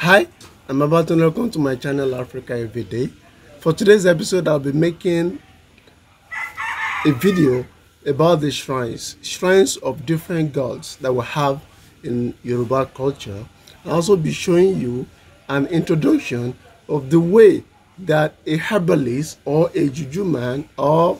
Hi, I'm about to welcome to my channel Africa Every Day. For today's episode, I'll be making a video about the shrines, shrines of different gods that we have in Yoruba culture. I'll also be showing you an introduction of the way that a herbalist or a juju man or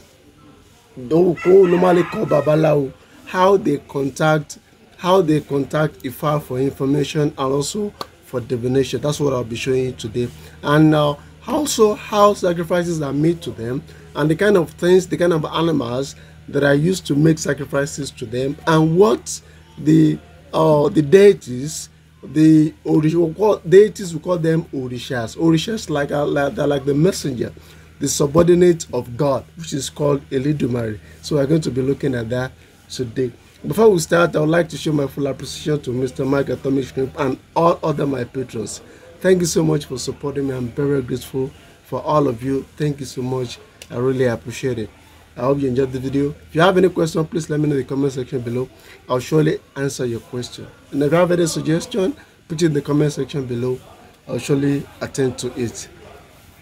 those who normally call babalawo, how they contact, how they contact Ifa for information and also for divination. That's what I'll be showing you today. And uh, also how sacrifices are made to them and the kind of things, the kind of animals that are used to make sacrifices to them and what the uh, the deities the original deities we call them orishas orishas like, like they're like the messenger the subordinate of god which is called elidumari so we're going to be looking at that today before we start, I would like to show my full appreciation to Mr. Mike Atomic Shrimp and all other my patrons. Thank you so much for supporting me. I'm very grateful for all of you. Thank you so much. I really appreciate it. I hope you enjoyed the video. If you have any question, please let me know in the comment section below. I'll surely answer your question. And if you have any suggestion, put it in the comment section below. I'll surely attend to it.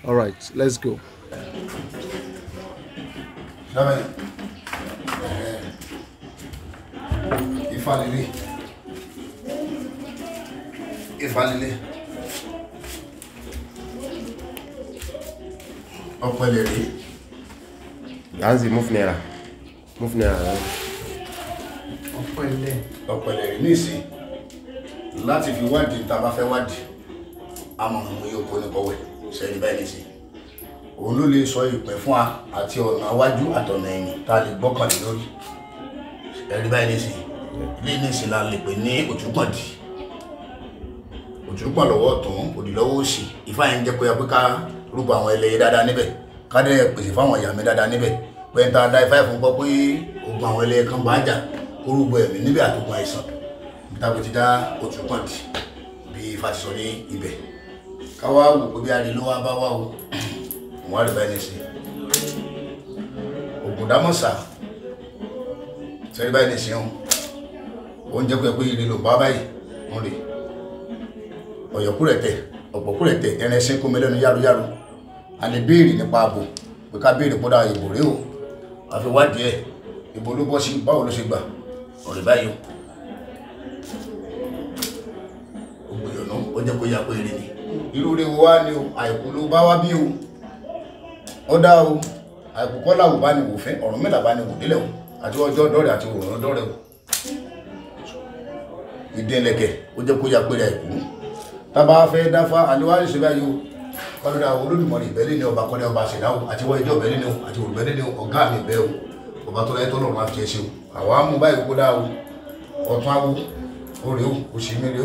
All right, let's go. Amen. ìfàlélẹ̀ ìfàlélẹ̀ ọ̀pẹ̀lẹ̀ rí. láti move naira move naira rẹ. ọ̀pẹ̀lẹ̀. ọ̀pẹ̀lẹ̀ rí ní ìsìn láti fi wádìí tá a bá fẹ́ wádìí amọ̀nà mú yóò kó ní kọ́wẹ́ sẹ́yìn báyìí nìsín òun ló lè sọ ìpè fún wa àti ọ̀nà iwájú àtọ̀nà ẹ̀yìn tá a lè gbọ́kànlé ẹ̀rí báyìí nìsí ilé nìsí la lè pè ní òtúpọ̀dì òtúpọ̀ lọ́wọ́ tún òdì lọ́wọ́ òsì ìfá yẹn jẹ́ pé a pé ká rúbọ àwọn ẹlẹ́yẹ dáadáa níbẹ̀ ká dẹ̀ pèsè fáwọn ìyá mi dáadáa níbẹ̀ pé n ta da ifá ìfún gbọ́ pé ogun àwọn ẹlẹ́yẹ kan bá jà ó rúbọ ẹ̀mí níbẹ̀ àtòkun àìsàn tàbí ti dá òtúpọ̀dì bí ifá ti sọ ní ibẹ̀ ká wò pé bí adé ló wá bá wá òun wá rí báyìí nìsí ògùn sẹ́rí báyìí lè ṣeun oúnjẹ kúrẹ́ pé ilé ló pa báyìí wọ́n rè ọ̀yọ̀kúrẹ̀ tẹ̀ ọ̀pọ̀kúrẹ̀ tẹ̀ ẹran ẹṣin kó mi lẹ́nu yároyáro a lè béèrè nípa ààbò pé ká béèrè pọ́dà ìbò rèé o àfi wádìí ẹ̀ ìbò ló bọ́ sí báwo ló ṣe gbà ọ̀rẹ́ báyìí o gbìyànjú ó jẹ́ kó yá pé èrè ni irú rẹ̀ wá ni o àìkú ló bá wá bí o ó dá o àìkú kọ́lá wò bá ní wò fẹ́ ọ̀rọ̀ mẹ́ta bá ní wò délẹ̀ o àti ọjọ́ dọ́rẹ̀ àti òwòrán dọ́rẹ̀ o ìdẹ́lẹ̀kẹ̀ ó jẹ́ kó ya pé rẹ̀ kú tábà fẹ́ dáfá àníwájú ṣe báyìí o kọ́lọ́dà Olódùmarè ìbẹ́lẹ̀ ni ọba kọ́lẹ́ ọba ṣẹ̀dáwó àti wọ́n ìjọ ìbẹ́lẹ̀ ni o àti olùbẹ́lẹ̀ ni ọ̀gá mi bẹ́ o ọba tó lẹ́tọ́ lọ́rùn àti ẹṣẹ́ o àwọn amú báyìí kó dáa o ọ̀tún awo o rèé o òṣì mi rèé o.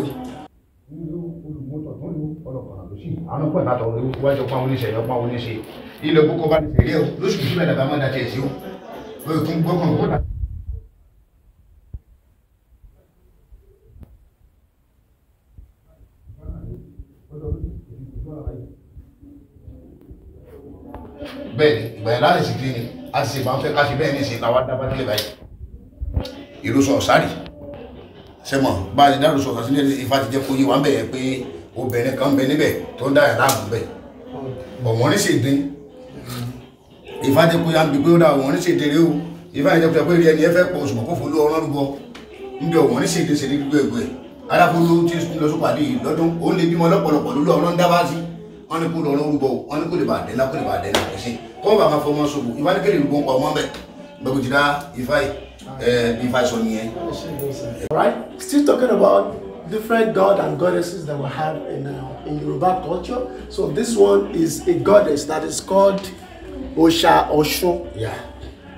àwọn ọ̀pọ̀ ìbátan rèé wájú ọ̀pọ̀ àwọn oníṣẹ́ o tún gbọ́mọ̀ kódà. bẹ́ẹ̀ láti sì kí ni a sì máa ń fẹ́ káṣí bẹ́ẹ̀ ní ìsìn làwọn adábàdìlẹ̀ báyìí ìlú sọ ọ̀sárì sẹ́mọ̀ bá a ti dárò sọ ọ̀sán sílẹ̀ ìfà ti jẹ́ kó yí wa ń bẹ̀yẹ pé obìnrin kan ń bẹ níbẹ̀ tó ń dáyà láàbù bẹ̀ ọ̀wọ́n sì dín ìfàjẹpọ̀ ya ń bi pé ó dà wọ́n ní ṣèdèrè o pé rí ẹni ẹ pọ̀ ṣùgbọ́n kó folú ọ̀rọ̀ rúbọ níbi ọ̀wọ́n ní ṣèdè ṣèdè gbogbo ẹ̀gbẹ́ alákòóló tí ń lọ yìí lọ́dún ó lè bímọ lọ́pọ̀lọpọ̀ lólu ọ̀rọ̀ ń dábàá sí wọ́n ní kó lọ ọ̀rọ̀ rúbọ wọ́n ní kó lè bà dẹ́lá kó lè bà dẹ́lá ẹ̀ṣẹ́ kó bá máa fọmọ sọ still talking about different god and goddesses that we have in, uh, in Yoruba culture. So this one is a goddess that is called Osha Osho, Yeah.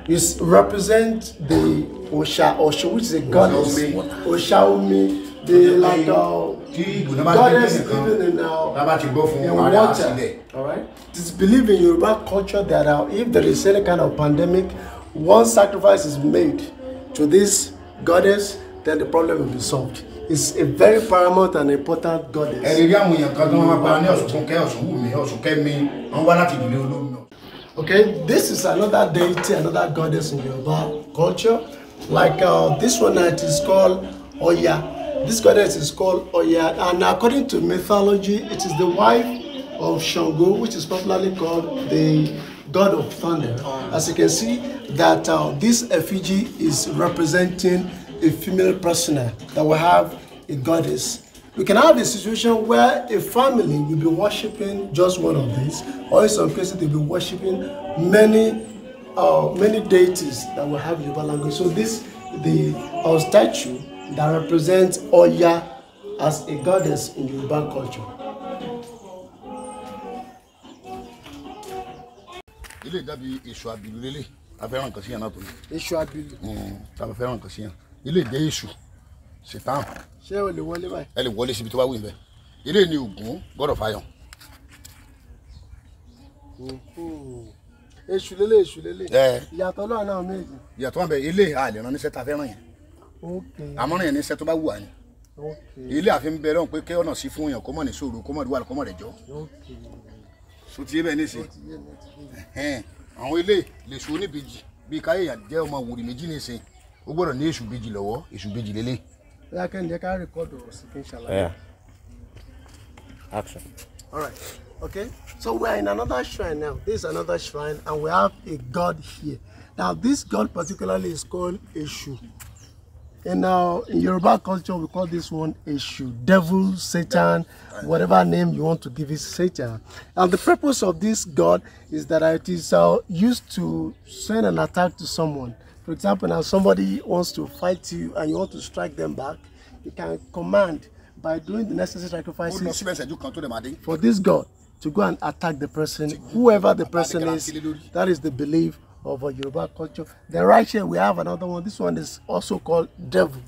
You represent the Osha Osho, which is a goddess. Osha Omi, the like uh, goddess living in, our water. All right. It's believed in Yoruba culture that uh, if there is any kind of pandemic, one sacrifice is made to this goddess, then the problem will be solved. It's a very paramount and important goddess. Okay, this is another deity, another goddess in Yoruba culture. Like uh, this one it is called Oya. This goddess is called Oya, and according to mythology, it is the wife of Shango, which is popularly called the god of thunder. As you can see, that uh, this effigy is representing a female persona that we have a goddess We can have a situation where a family will be worshiping just one of these, or in some cases they'll be worshiping many uh, many deities that will have Yoruba language. So this the our statue that represents Oya as a goddess in Yoruba culture. ilé ìjábí èso abilu lélẹ̀ afẹ́ràn kan síyàn náà tó ní. èso abilu. Hmm, tàbí afẹ́ràn kan síyàn ilé ìjẹ́ èso ṣètàn ṣé o lè wọlé báyìí. ẹ lè wọlé síbi tó bá wù yín bẹ́ẹ̀ ilé ni Ògún gbọ́dọ̀ fàyàn. èṣù lélẹ̀ èṣù lélẹ̀ ìyàtọ̀ lọ́wọ́ náà méjì. ìyàtọ̀ wọn bẹ ilé àlè rán níṣẹ́ ta fẹ́ràn yẹn àmọ́ràn yẹn níṣẹ́ tó bá wù wá ni ilé àfi ń bẹ lọ́hùn pé kẹ́ ọ̀nà sí fún yàn kó mọ̀ ní sòrò kó mọ̀ ní wàlú kó mọ̀ rẹ̀ jọ so ti yé bẹ́ẹ̀ ní sìn àwọn ilé lè so oníbejì bíi káyé yàn jẹ́ ọmọ wòrì méjì ní sìn ó gbọ́dọ̀ ní èṣù bejì lọ́wọ́ èṣù bejì lélẹ̀ I can, they can record those, inshallah. Yeah. Action. All right. Okay. So we are in another shrine now. This is another shrine, and we have a god here. Now, this god particularly is called Eshu. And now, in Yoruba culture, we call this one Eshu, devil, Satan, whatever name you want to give it, Satan. And the purpose of this god is that it is uh, used to send an attack to someone. For example, now somebody wants to fight you and you want to strike them back, you can command by doing the necessary sacrifices for this God to go and attack the person, whoever the person is. That is the belief of a Yoruba culture. Then right here we have another one. This one is also called devil.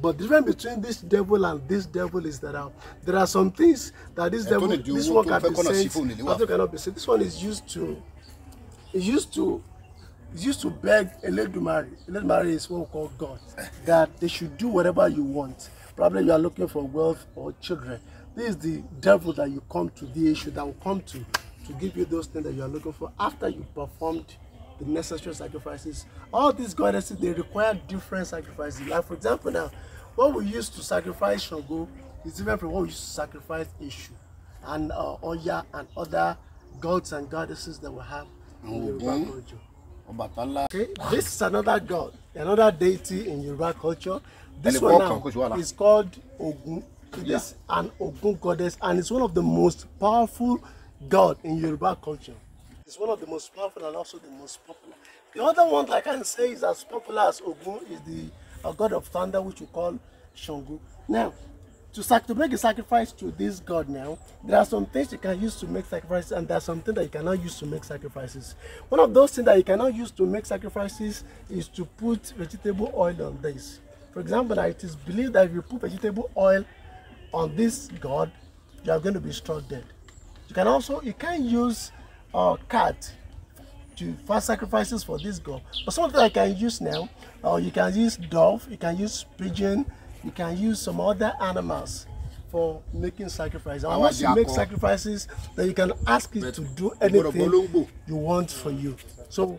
But the difference between this devil and this devil is that uh, there are some things that this devil, this one can be said, cannot be said. This one is used to, is used to used to beg Eledumare. Eledumare is what we call God, that they should do whatever you want. Probably you are looking for wealth or children. This is the devil that you come to, the issue that will come to, to give you those things that you are looking for after you performed the necessary sacrifices. All these goddesses, they require different sacrifices. Like for example now, what we used to sacrifice Shango is different from what we used to sacrifice issue and uh, Oya and other gods and goddesses that we have in Yoruba mm -hmm. culture. Ọbàtálá. Okay, this is another god, another deity in Yoruba culture. This one now is called Ogun. It yeah. is an Ogun goddess and it's one of the most powerful god in Yoruba culture. It's one of the most powerful and also the most popular. The other one I can say is as popular as Ogun is the a uh, god of thunder which we call Shango. Now, to, to make a sacrifice to this God now, there are some things you can use to make sacrifices, and there are some things that you cannot use to make sacrifices. One of those things that you cannot use to make sacrifices is to put vegetable oil on this. For example, it is believed that if you put vegetable oil on this God, you are going to be struck dead. You can also you can use a uh, cat to fast sacrifices for this God. But something I can use now, or uh, you can use dove, you can use pigeon, you can use some other animals for making sacrifices. And once you make sacrifices, then you can ask it to do anything you want for you. So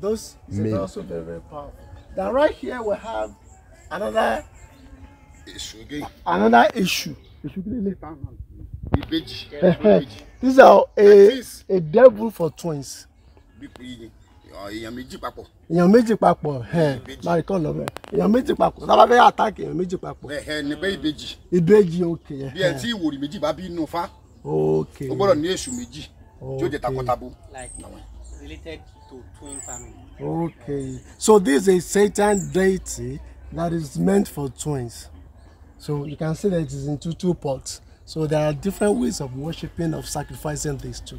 those is also very, very powerful. Then right here we have another issue Another issue. These are a, a devil for twins èèyàn méjì papọ̀. èèyàn méjì papọ̀ báyìí kàn lọ bẹ́ẹ̀ èèyàn méjì papọ̀ sábà fẹ́ àtàkì èèyàn méjì papọ̀. ẹ ẹ ní bẹ́ẹ̀ ìbejì. ìbejì ok. bí ẹ tí ìwòrì méjì bá bí inú fa. ok o gbọ́dọ̀ ní èṣù méjì tí ó jẹ takọtabo. like related to twin family. ok so this is a Satan deity that is meant for twins so you can see that it is into two parts so there are different ways of worshiping of sacrificing these two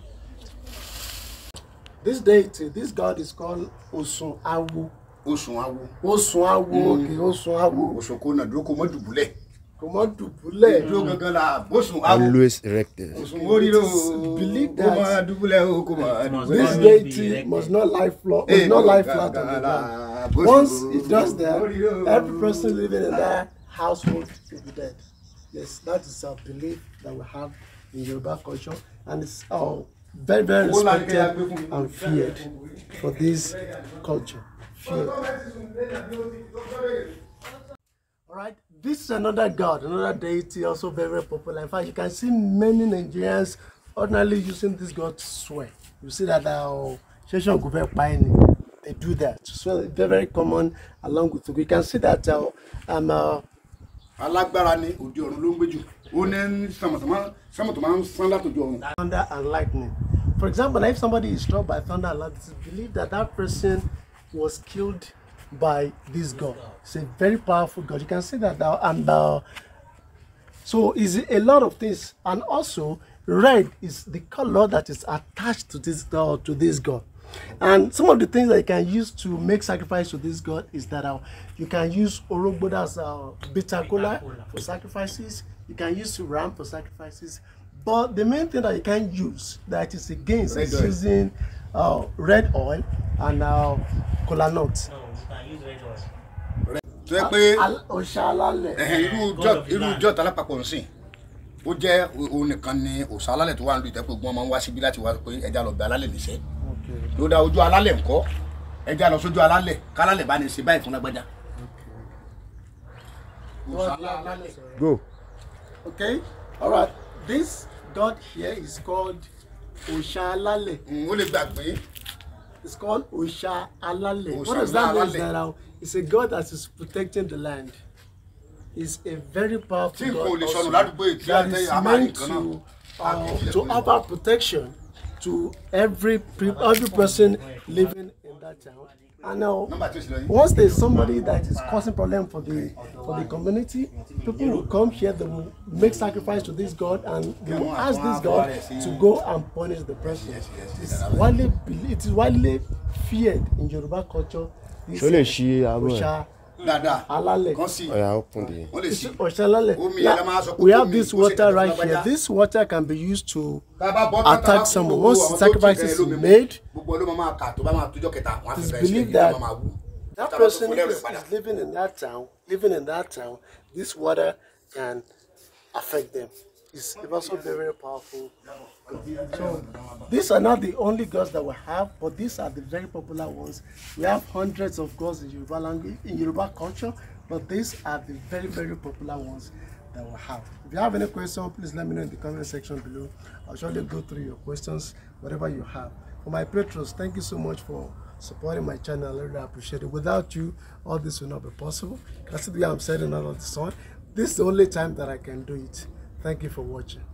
this deity this god is called Ọ̀ṣun Awo. Ọ̀ṣun Awo. Ọ̀ṣun Awo hmm. okay Ọ̀ṣun Awo. Ọ̀ṣun kò nà dúró kò mọ dùbúlẹ̀. kò mọ dùbúlẹ̀. gangan la Ọ̀ṣun Awo. always erected. Ọ̀ṣun wo rírò believe that kò mọ dùbúlẹ̀ o kò mọ this deity must not lie flat must eh, not lie flat on the ground once it does that every person living in that household will be dead yes that is our belief that we have in Yoruba culture and it's our. Oh, very very respected and feared for this culture. Feared. All right, this is another god, another deity, also very, very popular. In fact, you can see many Nigerians ordinarily using this god to swear. You see that our uh, Sheshan they do that. So it's very, common along with We can see that our. Uh, um, uh, Alágbára thunder and lightning. For example, if somebody is struck by thunder and lightning, believe that that person was killed by this god. It's a very powerful god. You can see that now. And uh, so is a lot of things. And also, red is the color that is attached to this uh, to this god. And some of the things that you can use to make sacrifice to this god is that uh, you can use orogbo, that's uh, bitter cola for sacrifices. you can use to ram for sacrifices but the main thing that you can use that is against red is oil. using uh, red oil and uh, kola nut. no you can use red oil. red tó yẹ pé ọ̀ṣà alálẹ̀. irú ìjọ talápapọ̀ ń sìn ó jẹ́ òun nìkan ni ọ̀ṣà alálẹ̀ tó wà nílùú ìtẹ́pẹ́ gbọ́n máa ń wá síbí láti wá pé ẹja lọ bẹ alálẹ̀ níṣẹ́ ló dá ojú alálẹ̀ ńkọ́ ẹja lọ sójú alálẹ̀ kálálẹ̀ bá ní ṣe báyìí fún lágbájá. alálẹ̀ go okay all right this dot here is called òṣà alálẹ̀. o lè gbàgbé. it's called òṣà alálẹ̀. òṣà alálẹ̀ what does that mean it's a god that is protecting the land is a very powerful god also that is meant to uh, to offer protection to every every person living in that town And now, once there's somebody that is causing problem for the for the community, people will come here. They will make sacrifice to this God, and they will ask this God to go and punish the person. It's widely it is widely feared in Yoruba culture. This, uh, dáadáa alálẹ̀ kan sí wọ́n lè we have this water right here this water can be used to attack someone once sacrifice is made it's believed that that person is, living in that town living in that town this water can affect them it's, also very powerful. So these are not the only girls that we have, but these are the very popular ones. We have hundreds of girls in Yoruba language, in Yoruba culture, but these are the very, very popular ones that we have. If you have any question, please let me know in the comment section below. I'll surely go through your questions, whatever you have. For my patrons, thank you so much for supporting my channel. I really appreciate it. Without you, all this will not be possible. That's the way I'm setting out of the sun. This is the only time that I can do it. Thank you for watching.